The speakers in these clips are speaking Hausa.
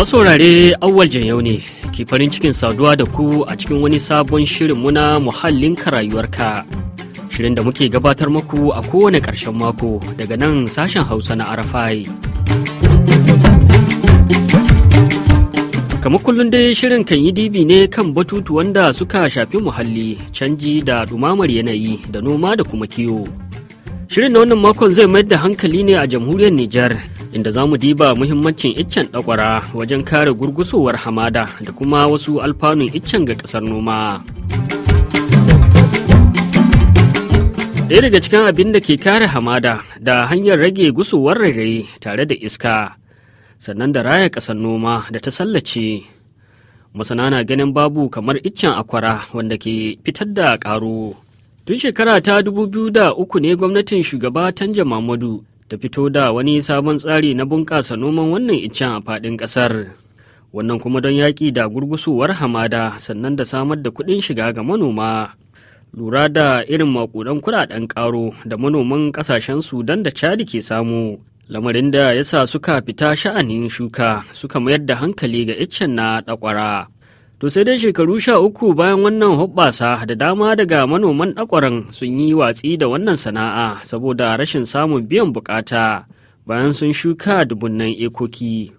masaurare awwal yau ne ke farin cikin saduwa da ku a cikin wani sabon shirin muna muhallin rayuwarka shirin da muke gabatar muku a kowane ƙarshen mako daga nan sashen hausa na arafai kamar kullum dai shirin kan yi dibi ne kan batutu wanda suka shafi muhalli canji da dumamar yanayi da noma da kuma kiwo shirin na wannan makon zai mayar da hankali ne a jamhuriyar nijar inda za mu diba muhimmancin iccen ɗakwara wajen kare gurgusowar hamada da kuma wasu alfanun iccen ga ƙasar noma. Ɗaya daga cikin abin da ke kare hamada da hanyar rage gusowar rairayi tare da iska, sannan da raya ƙasar noma da ta sallace. Masana na ganin babu kamar iccen akwara wanda ke fitar da ƙaro. Tun shekara ta dubu biyu da uku ne gwamnatin shugaba Tanja Mamadu ta fito da wani sabon tsari na bunƙasa noman wannan iccen a faɗin ƙasar wannan kuma don yaƙi da gurgusuwar hamada sannan da samar da kuɗin shiga ga manoma lura da irin maƙudan kuɗaɗen ƙaro da manoman ƙasashen sudan da chadi ke samu lamarin da ya sa suka fita sha'anin shuka suka mayar da hankali ga iccen na ɗakwara To sai dai shekaru sha uku bayan wannan hoɓɓasa da dama daga manoman ɗakwaran sun yi watsi da wannan sana'a saboda rashin samun biyan bukata bayan sun shuka dubunnan ekoki.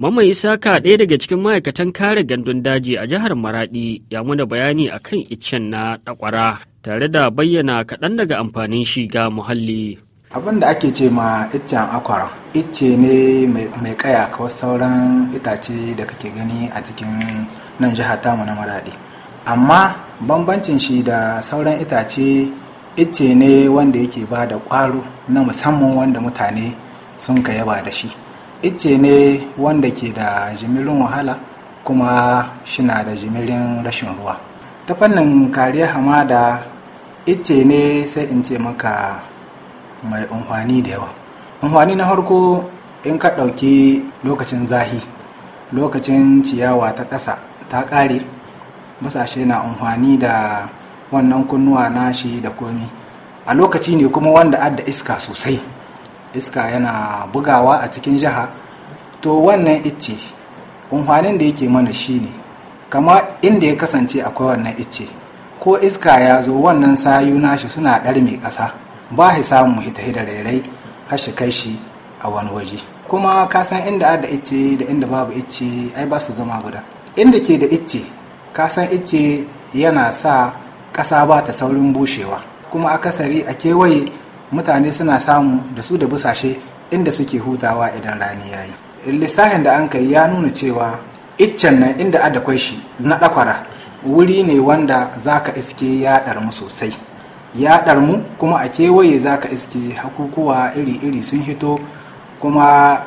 Mamman Isaka ɗaya daga cikin ma'aikatan kare gandun daji a jihar Maraɗi ya muna bayani a kan iccen na ɗakwara tare da bayyana kaɗan daga amfanin shi ga muhalli. abin da ake ce ma iccen akwara icce ne mai kaya kawai sauran itace da kake gani a cikin nan jiha tamu na maraɗi. amma bambancin shi da sauran itace icce ne wanda yake ba da ƙwaro na musamman wanda mutane sun ka yaba da shi icce ne wanda ke da jimirin wahala kuma shi na da jimirin rashin ruwa ta fannin kariya hamada icce ne sai in ce maka mai umfani da yawa umfani na harko in ka ɗauki lokacin zahi lokacin ciyawa ta ƙasa ta ƙare basashe na amfani da wannan kunnuwa na shi da komi a lokaci ne kuma wanda adda iska sosai iska yana bugawa a cikin jiha to wannan icce amfanin da yake mana shi ne kama inda ya kasance akwai wannan icce ko iska ya zo wannan sayu na shi suna mai ƙasa ba shi samun hita da rairai har shi kai shi a wani waje kuma ka san inda adda icce da inda babu icce ai ba su zama guda inda ke da icce kasan icce yana sa ƙasa ba ta saurin bushewa kuma akasari a kewaye mutane suna samu da su da busashe inda suke hutawa idan rani ya yi lissafin da an kai ya nuna cewa iccen nan inda adakwai shi na ɗakwara wuri ne wanda za ka iske ya ɗarmu sosai ya ɗarmu kuma a kewaye za ka iske hakukuwa iri-iri sun hito kuma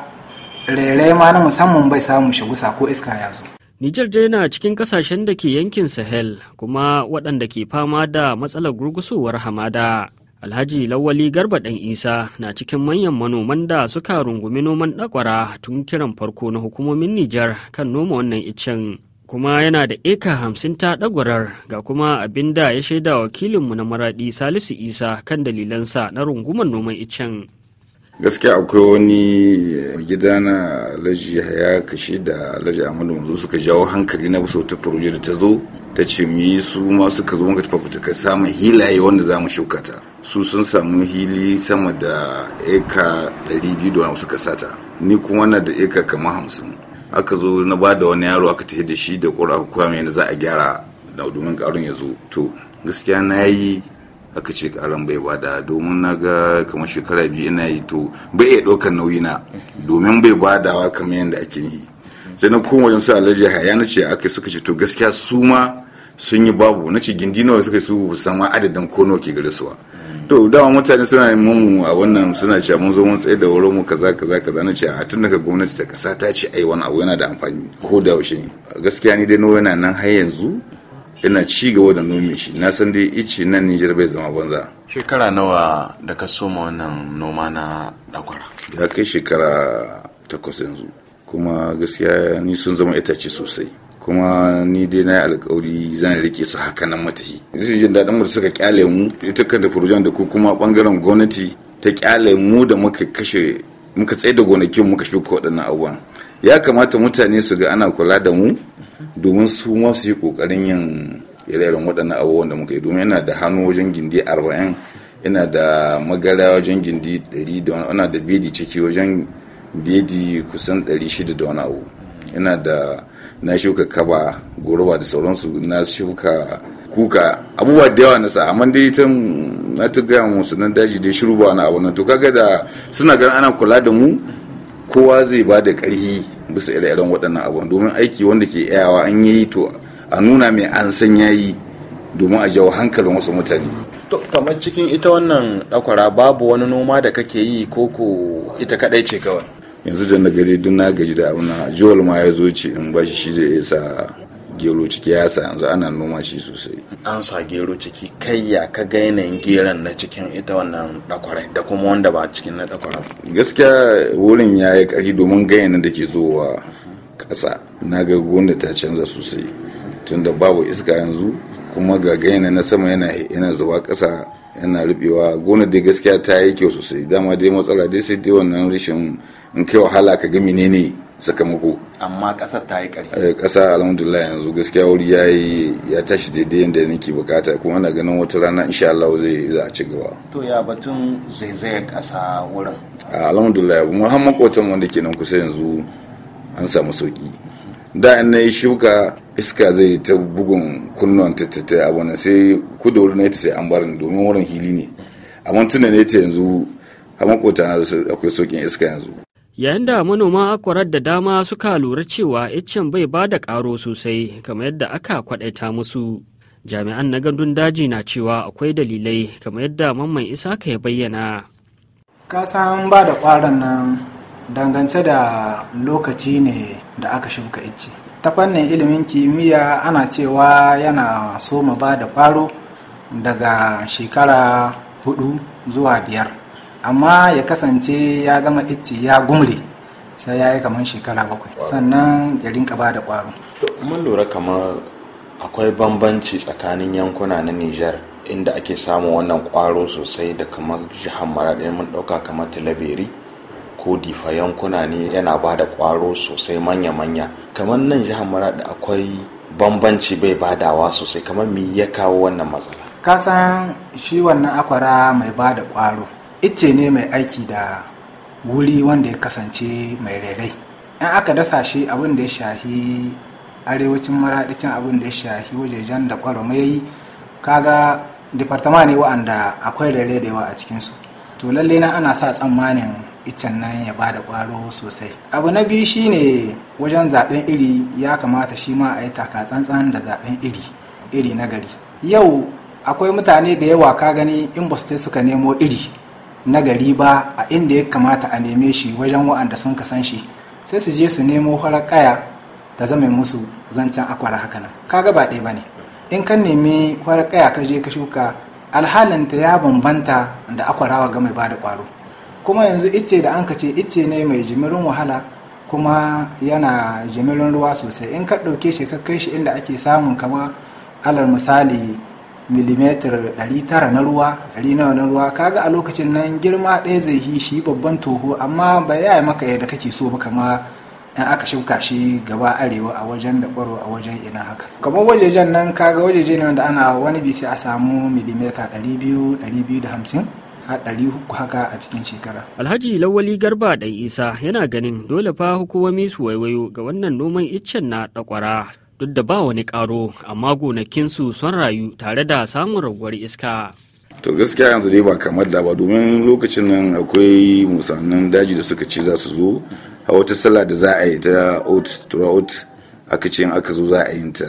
rere ma na musamman bai samu shigusa ko iska ya zo Nijar dai na cikin kasashen da ke yankin Sahel kuma waɗanda ke fama da matsalar gurgusowar hamada. Alhaji Lawali Garba ɗan Isa na cikin manyan manoman da suka rungumi noman ɗakwara tun kiran farko na hukumomin Nijar kan noma wannan iccen. Kuma yana da eka hamsin ta ɗagwarar ga kuma abin da ya shaida wakilinmu na maraɗi Salisu Isa kan dalilansa na rungumar noman iccen. gaskiya akwai wani eh, gida na alhaji ya kashe da alhaji amadu wanzu suka jawo hankali na bisa wata furoje da ta zo ta ce mu su ma suka zo muka tafafuta ka samun hilaye wanda za mu shuka ta su sun samu hili sama da eka 200 suka sata ni kuma na da eka kama hamsin aka zo na ba da wani yaro aka tafi da shi da kura kuma yadda za a gyara da domin karin ya zo to gaskiya na yi aka ce karan bai bada domin na ga kamar shekara biyu ina yi to bai iya ɗaukar nauyi na domin bai badawa kamar yadda ake yi sai na koma wajen su alhaji haya na ce aka suka ce to gaskiya su ma sun yi babu na ce gindi nawa suka su sama adadin ko nawa ke gare su ba to dama mutane suna mu a wannan suna cewa mun zo mun tsaye da wurin mu kaza kaza kaza na ce a tun daga gwamnati ta kasa ta ce ai wani abu yana da amfani ko da yaushe gaskiya ni dai nawa yana nan har yanzu Ina ci gaba da nome shi na san dai ice nan Nijar bai zama banza shekara nawa da ka soma wannan noma na dakwara ya kai shekara takwas yanzu kuma gaskiya ni sun zama itace sosai kuma ni dai na yi alkawari zan rike su haka nan matahi zai jin daɗin mu da suka kyale mu ita kanta furujan da ku kuma bangaren gwamnati ta kyale mu da muka kashe muka tsaye da gonakin muka shuka waɗannan abubuwan ya kamata mutane su ga ana kula da mu domin su ma su yi kokarin yin ire-iren waɗannan abubuwan da muka yi domin yana da hannu wajen gindi arba'in yana da magara wajen gindi ɗari da wani da bedi ciki wajen bedi kusan ɗari shida da wani abu yana da na shuka kaba goroba da sauransu na shuka kuka abubuwa da yawa na sa amma dai ta na ta gaya musu nan daji dai shiru ba wani abu nan to kaga da suna ganin ana kula da mu kowa zai ba da ƙarfi bisa ire-iren waɗannan abubuwan domin aiki wanda ke yawa an yi to a nuna mai an san yayi domin a jawo hankalin wasu mutane to kamar cikin ita wannan ɗakwara babu wani noma da kake yi ko ko ita kaɗai ce kawai yanzu da na gari duk na gaji da abu na joel ma ya zo ce in bashi shi zai sa gero ciki ya sa yanzu ana noma shi sosai an sa gero ciki kai ya ka ga yanayin geron na cikin ita wannan dakwarai da kuma wanda ba cikin na dakwarai gaskiya wurin ya yi ƙarfi domin ganyen da ke zowa ƙasa na ga gonda ta canza sosai tunda babu iska yanzu kuma ga ganyen na sama yana yana zuba kasa yana rubewa gona da gaskiya ta yi kyau sosai dama dai matsala dai sai dai wannan rashin in kai wahala ka ga menene sakamako amma kasar ta yi ƙarfi eh, ƙasa alhamdulillah yanzu gaskiya wuri ya yi ya tashi daidai yadda nake bukata kuma na ganin wata rana insha Allah zai za a ci gaba to ya batun zai ƙasa wurin alhamdulillah mu har makotan wanda ke nan kusa yanzu an samu sauki da in na yi shuka iska zai ta bugun kunnon ta ta abu na sai kudu ne ta sai an barin domin wurin hili ne amma tuna ne ta yanzu a makota na akwai saukin iska yanzu yayin da manoma akwarar da dama suka lura cewa iccen bai ba da ƙaro sosai kamar yadda aka kwadaita musu jami'an na gandun daji na cewa akwai dalilai kamar yadda mamman isa ka ya bayyana kasan ba da ƙwaron nan dangance da lokaci ne da aka shuka icce ta fannin ilimin kimiyya ana cewa yana soma ba da ƙwaro daga shekara hudu zuwa biyar amma ya kasance ya gama icce ya gumle sai ya yi kamar shekara bakwai sannan ya rinka ba da ƙwaro mun lura kamar akwai bambanci tsakanin yankuna na nijar inda ake samun wannan kwaro sosai da kamar jihar maraɗin mun ɗauka kamar talabiri ko difa yankuna ne yana ba da ƙwaro sosai manya-manya kamar nan jihar maradi akwai bambanci bai badawa sosai kamar me ya kawo wannan matsala kasan shi wannan akwara mai ba da ƙwaro icce ne mai aiki da wuri wanda ya kasance mai rairai in aka dasa shi abin da ya shahi arewacin maraɗicin abin da ya shahi wajejen da ƙwarama ya yi kaga departama ne wa'anda akwai rairai da yawa a cikinsu to lalle na ana sa tsammanin iccen nan ya ba da ƙwaro sosai abu na biyu shine wajen zaɓen iri ya kamata shi ma a yi taka tsantsan da zaben iri iri na gari yau akwai mutane da yawa ka gani in ba su suka nemo iri nagari ba a inda ya kamata a neme shi wajen wa'anda sun kasan shi sai su je su nemo farar kaya ta zama musu zancen akwara haka nan kaga ba ɗaya ba ne in kan nemi farar kaya ka je ka shuka alhalin ya bambanta da akwarawa ga mai da kwaro kuma yanzu icce da an ka ce icce ne mai jimirin wahala kuma yana jimirin ruwa sosai in ka ɗauke shi ka kai shi inda ake samun kama alal misali milimetar 900 na ruwa nawa na ruwa kaga a lokacin nan girma ɗaya zai yi shi babban toho amma ba ya maka yadda kake so ba kama in aka shuka shi gaba arewa a wajen da kwaro a wajen ina haka kamar wajejen nan kaga wajeje ne da ana wani bi a samu milimeta 200 250 haɗari haka a cikin shekara. Alhaji Lawali Garba ɗan Isa yana ganin dole fa hukumomi su waiwayo ga wannan noman iccen na ɗakwara duk da ba wani karo amma su sun rayu tare da samun raguwar iska. to gaskiya yanzu dai ba kamar da ba domin lokacin nan akwai musannin daji da suka ce za su zo a wata sallah da za a yi ta out throughout aka ce aka zo za a yi ta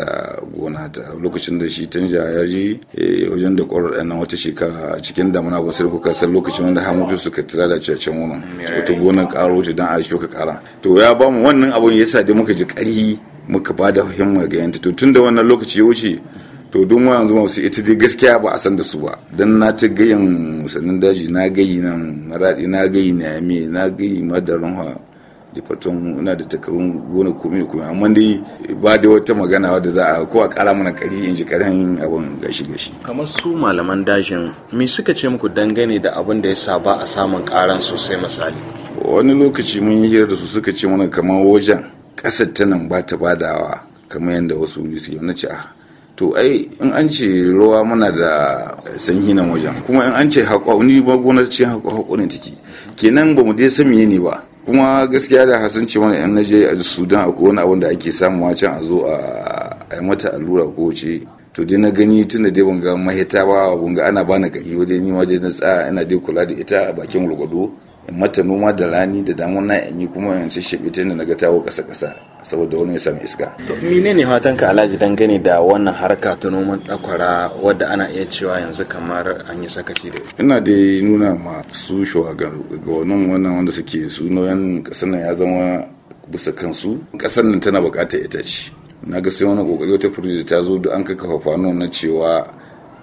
gona ta lokacin da shi tanja ya ji eh, wajen da kwarar ɗan wata shekara cikin damuna ba sai kuka san lokacin wanda hamutu suka tira da cacen wurin wata gonar karo ta dan a shi kara to ya bamu wannan abun yasa dai muka ji ƙari muka ba da himma ga yanta to tun da wannan lokaci ya wuce to duk wa yanzu masu ita dai gaskiya ba a san da su ba don na ta gayin musannin daji na gayi nan maraɗi na gayi na yame na gayi madarin ha fatan ina da takarun gona kome kome amma dai ba da wata magana wadda za a ko a kara mana kari in ji yin abin gashi gashi kamar su malaman dajin me suka ce muku dangane da abin da ya sa ba a samun karan sosai misali wani lokaci mun yi hira da su suka ce mana kamar wajen ƙasar ta nan ba ta badawa kamar yadda wasu su yau na ci ah, to ai in an ce ruwa muna da sanyi nan wajen kuma in an ce haƙwa wani ba gona ce haƙwa haƙwa ne kenan ba mu dai san ne ba kuma gaskiya da hasan ce mana yan naje a sudan akwai wani abin da ake samu can a zo a mata allura ko ce to dai na gani tunda dai ban ga mahita ba ban ga ana bani gari ba dai ni ma dai na tsaya ina dai kula da ita a bakin gwargwado in mata noma da rani da damuna in yi kuma in shishibe ta yadda na tawo kasa kasa saboda wani ya samu iska. mine ne fatan ka alhaji dangane da wannan harka ta noman dakwara wadda ana iya cewa yanzu kamar an yi sakaci da ina da nuna ma su shugabannin wannan wanda suke su noyan kasar nan ya zama bisa kansu kasar nan tana bukatar ita ce na ga sai wani kokari wata furi ta zo da an kakafa fano na cewa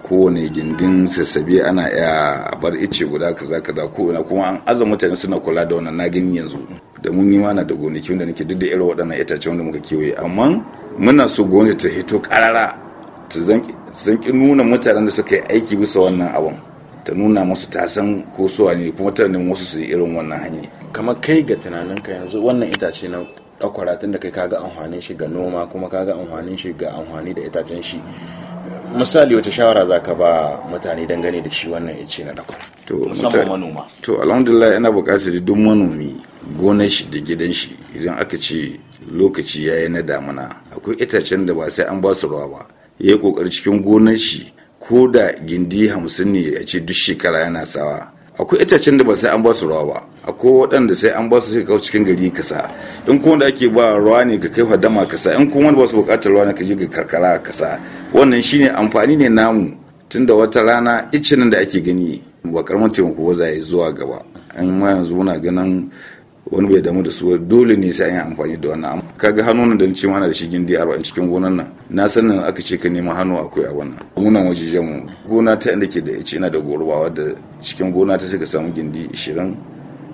kowane gindin sassabe ana iya bar ice guda kaza kaza ko kuma an aza mutane suna kula da wannan nagin yanzu da mun yi mana da gonaki wanda nake duk da irin waɗannan itace wanda muka kewaye amma muna so gwamnati ta hito karara ta zanki nuna mutanen da suka yi aiki bisa wannan abun ta nuna musu ta san ko suwa ne kuma ta nemi wasu su yi irin wannan hanyar kamar kai ga tunaninka yanzu wannan itace na ɗakwara tun da kai kaga amfanin shi ga noma kuma kaga amfanin shi ga amfani da itacen shi misali wata shawara za ka ba mutane dangane da shi wannan ya ce na dakwal to musamman manoma to alhamdulillah yana buƙatar duk manomi gonar shi da gidan shi idan aka ce lokaci ya yi na damuna akwai itacen da ba sai an ba su ruwa ba ya yi ƙoƙari cikin gonar shi ko da gindi hamsin ne ya ce duk shekara yana sawa akwai itacen da ba sai an ba su rawa ba akwai waɗanda sai an ba su sai kawo cikin gari kasa in kuma wanda ake ba ruwa ne ga kai fadama kasa in kuma wanda ba su bukatar ruwa ne ka je ga karkara kasa wannan shine amfani ne namu tunda wata rana icinin da ake gani ba karamin taimako ba za yi zuwa gaba an ma yanzu muna ganin wani bai damu da su dole ne sai an yi amfani da wannan kaga hannun da ce mana da shi gindi a cikin gonan nan na san nan aka ce ka nema hannu akwai a wannan munan waje jamu gona ta inda ke da ice ina da goruba wadda cikin gona ta sai ka samu gindi 20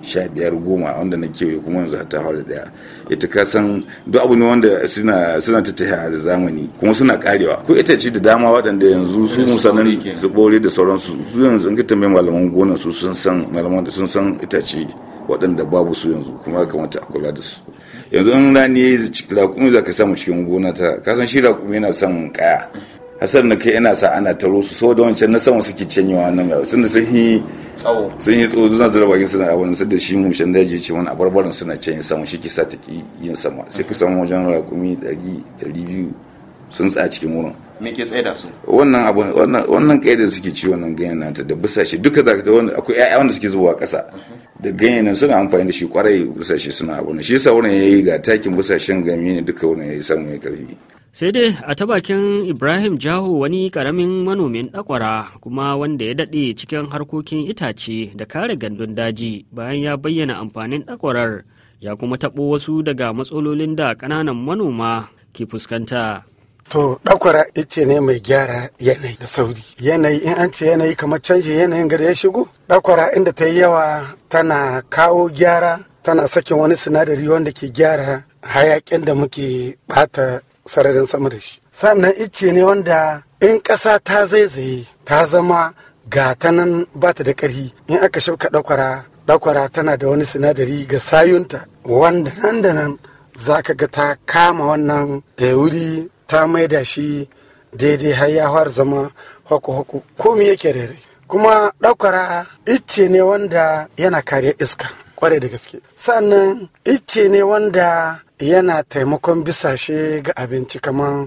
sha biyar goma wanda na kewaye kuma yanzu ta da daya ita ka san duk abu ne wanda suna suna tattaya da zamani kuma suna karewa ko ita ce da dama waɗanda yanzu su musanin su bore da sauransu su yanzu in ka tambayi malaman gona su sun san malaman da sun san itace waɗanda babu su yanzu kuma kamata a kula da su yanzu in rani ya yi raƙumi za ka samu cikin gona ta kasan shi rakumi yana son kaya hasar na kai ina sa ana taro su saboda wancan na sama suke wa nan yawa sun sun yi tsawo sun yi tsawo zuwa zira bakin suna abin sun da shi shan daji ce wani abarbaran suna canye sama shi ke sa ta ki yin sama sai ka samu wajen rakumi dari biyu sun tsaya cikin wurin me ke tsaye da su wannan abu wannan kaida suke ci wannan ganyen nata da busashe duka zaka ta wani akwai ƴaƴa wanda suke zubowa ƙasa da ganyen nan suna amfani da shi kwarai busashe suna abu shi yasa wurin yayi ga takin busashen gami ne duka wurin yayi samu ya karfi sai dai a ta bakin ibrahim jaho wani karamin manomin dakwara kuma wanda ya daɗe cikin harkokin itace da kare gandun daji bayan ya bayyana amfanin dakwarar ya kuma taɓo wasu daga matsalolin da kananan manoma ke fuskanta To dakwara ita ne mai gyara yanayi da sauri. Yanayi in an ce yanayi kamar canji yanayin gari ya shigo. dakwara inda ta yi yawa tana kawo gyara tana sakin wani sinadari wanda ke gyara hayakin da muke bata sararin sama da shi sannan icce ne wanda in ƙasa ta zaizaye ta zama gata nan ba ta da ƙarfi. in aka shauka ɗakwara ɗakwara tana da wani sinadari ga sayunta wanda nan da nan za ka ga ta kama wannan eh, wuri ta maida shi daidai har ya har zama hako-hako komi yake rere kuma ɗaukara icce ne wanda yana kariya iska kware da gaske sannan icce ne wanda yana taimakon bisashe ga abinci kamar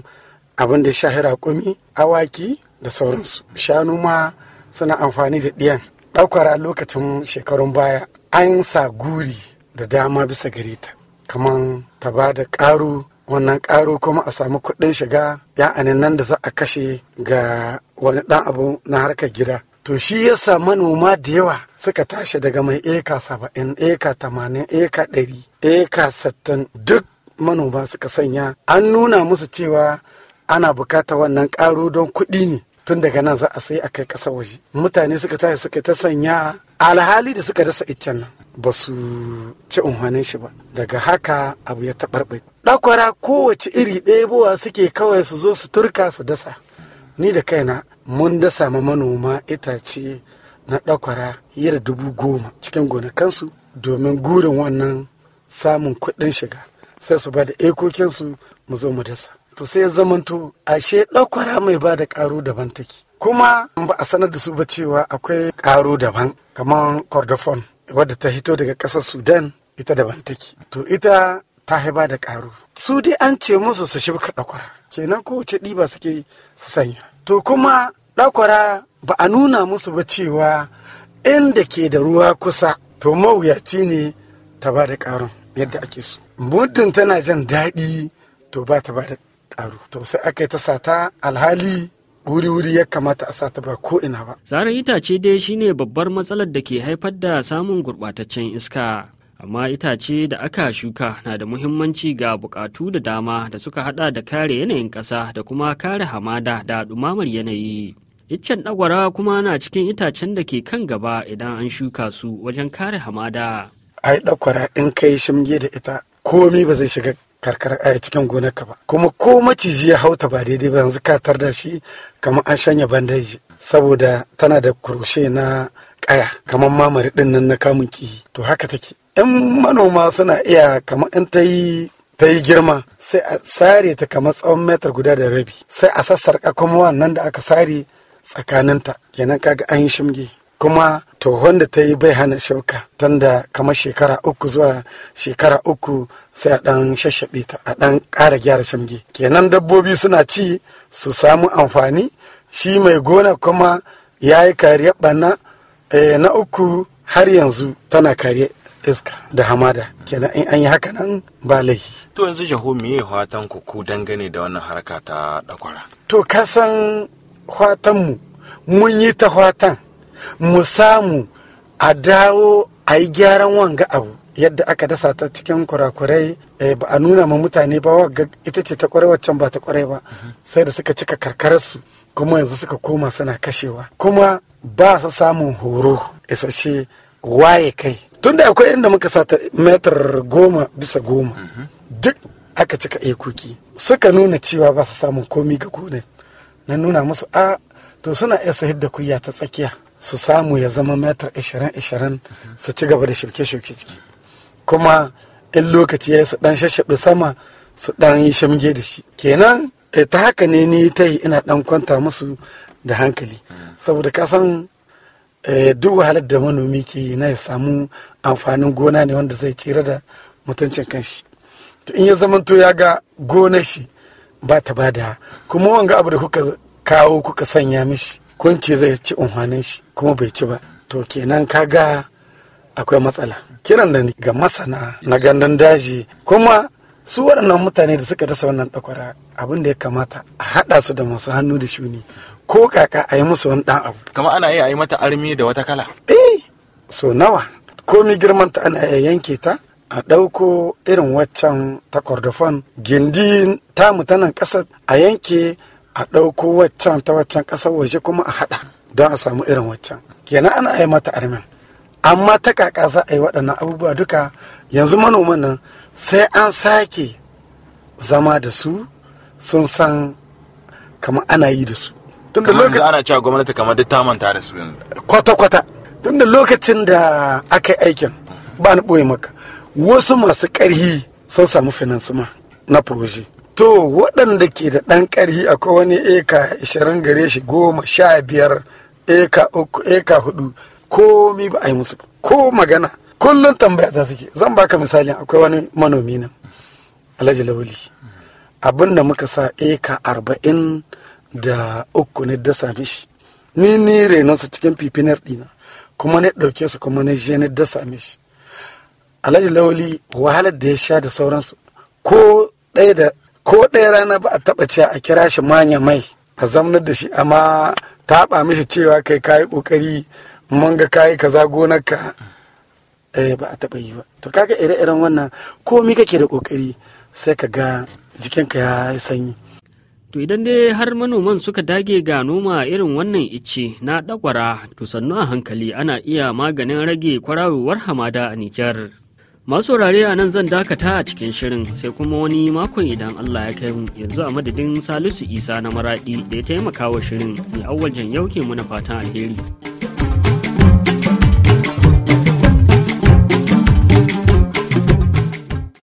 abin da shahira shahi awaki da sauransu shanu ma suna amfani da ɗiyan ɗaukar lokacin shekarun baya an sa guri da dama bisa gare ta kamar ta ba da ƙaro wannan ƙaro kuma a samu kuɗin shiga ya'anin nan da za a kashe ga wani ɗan abu na harkar gida to shi ya yasa manoma da yawa suka tashi daga mai eka saba'in eka tamanin eka ɗari eka sattan duk manoma suka sanya an nuna musu cewa ana bukata wannan ƙaro don kuɗi ne tun daga nan za a sai a kai ƙasa waje mutane suka tashi suka ta sanya alhali da suka dasa iccen nan ba su ci umarnin shi ba daga haka abu ya taɓarɓe ɗakwara kowace iri ɗaya buwa suke kawai su zo su turka su dasa ni da kaina mun dasa ma manoma itace na ɗakwara yadda dubu goma cikin gonakansu domin gurin wannan samun kuɗin shiga sai su ba da ekokinsu mu zo mu dasa to sai ya zamanto ashe ɗakwara mai ba da ƙaro daban take kuma ba a sanar da su ba cewa akwai ƙaro daban kamar cordofon wadda ta hito daga ƙasar sudan ita daban take to ita ta haiba da ƙaro su dai an ce musu su shibka ɗakwara kenan kowace ɗiba suke su sanya to kuma ɗakwara ba a nuna musu ba cewa inda ke da ruwa kusa to mawuyaci ne ta ba da ƙarin yadda ake so muddin tana jan daɗi to ba ta ba da ƙaru to sai aka yi ta sata alhali wuri-wuri ya kamata a sata ba ko ina ba. Tsarin itace dai shine babbar matsalar da ke haifar da samun gurɓataccen iska. amma itace da aka shuka na da muhimmanci ga bukatu da dama da suka hada da kare yanayin ƙasa da kuma kare hamada da dumamar yanayi iccen dagwara kuma na cikin itacen da ke kan gaba idan an shuka su wajen kare hamada ai dagwara in kai shimge da ita komi ba zai shiga karkar a eh, cikin gonarka ba kuma ko maciji ya hauta ba daidai ba yanzu ka tar da shi kamar an shanya bandaji saboda tana da kurushe na kaya kamar mamari din na kamun kihi to haka take in manoma suna iya kamar in ta yi ta yi girma sai a sare ta kamar tsawon metar guda da rabi sai a sassarƙa kuma wannan da aka sare tsakaninta kenan kaga an yi shimge kuma tohon da ta yi bai hana shauka tunda kamar shekara uku zuwa shekara uku sai a ɗan shashaɓe ta a ɗan ƙara gyara shimge kenan dabbobi suna ci su samu amfani shi mai gona kuma ya yi kariyar Ɓanna eh, na uku har yanzu tana kariya iska da hamada kenan in an yi haka nan ba laifi to yanzu jaho me ya fatan ku ku dangane da wannan harka ta dakwara to kasan fatan mu mun yi ta fatan mu samu a dawo a yi gyaran wanga abu yadda aka dasa ta cikin kurakurai eh, ba a nuna ma mutane ba wagga ita ce ta kwarai waccan ba ta kwarai ba sai da suka cika karkararsu kuma yanzu suka koma suna kashewa kuma ba su samun horo isasshe waye kai Tun da akwai inda muka sata ta metar goma bisa goma duk aka cika ekuki suka nuna cewa ba su samun komi ga gonar na nuna musu a to suna iya sahid da kuyya ta tsakiya su samu ya zama metar 20-20 su ci gaba da shirke-shirke ciki kuma in lokaci ya su dan shashaɓe sama su dan yi shamge da shi kenan eh, ta haka ne ni ta yi ina dan kwanta musu da hankali saboda kasan Eh, duk wahalar da manomi ke yi na ya samu amfanin gona ne wanda zai cire da mutuncin kanshi to in ya zamanto ya ga gonar shi ba ta bada kuma wanga abu da kuka kawo kuka sanya mishi kun zai ci unhwanin shi kuma bai ci ba to kenan ka ga akwai matsala kiran da ga masana na gandun daji kuma su waɗannan mutane da suka dasa wannan ɗakwara abin da ya kamata a haɗa su da masu hannu da shuni ko kaka a yi musu wani dan abu kama ana iya yi mata armi da wata kala eh so nawa ko mi komi ta ana iya yanke ta a ɗauko irin waccan ta kordofon gindi ta mutanen ƙasar a yanke a ɗauko waccan ta waccan ƙasar waje kuma a haɗa don a samu irin waccan kenan ana yi mata armin amma ta kaka za a yi waɗannan abubuwa duka yanzu manoman nan sai an sake zama da su sun san kama ana yi da su tunda lokacin ana cewa gwamnati kamar duk ta manta da su kwata kwata tunda lokacin da aka yi aikin ba ni boye maka wasu masu karhi sun samu finansuma na proje to waɗanda ke da ɗan karhi akwai wani eka 20 gare shi goma sha biyar eka uku eka hudu komi ba a yi musu ko magana kullun tambaya ta suke zan baka misali akwai wani manomi nan alhaji lawali abin da muka sa eka arba'in da uku ne dasa mishi ni ni renon su cikin fifinar dina kuma ne ɗauke su kuma ne je ne dasa mishi alhaji lawali wahalar da ya sha da sauransu ko ɗaya da ko ɗaya rana ba a taɓa cewa a kira shi manya mai a zamnar da shi amma taɓa mishi cewa kai kayi ƙoƙari mun ga kayi kaza gonarka eh ba a taɓa yi ba to kaga ire-iren wannan komi kake da ƙoƙari sai ka ga jikinka ya sanyi To idan dai har manoman suka dage ga noma irin wannan ice na ɗakwara to sannu a hankali ana iya maganin rage kwararowar hamada a Nijar. Masu saurare a nan zan dakata a cikin shirin sai kuma wani makon idan Allah ya kai mu yanzu a madadin Salisu Isa na Maraɗi da ya taimaka wa shirin mai wajen yauke mu na fatan alheri.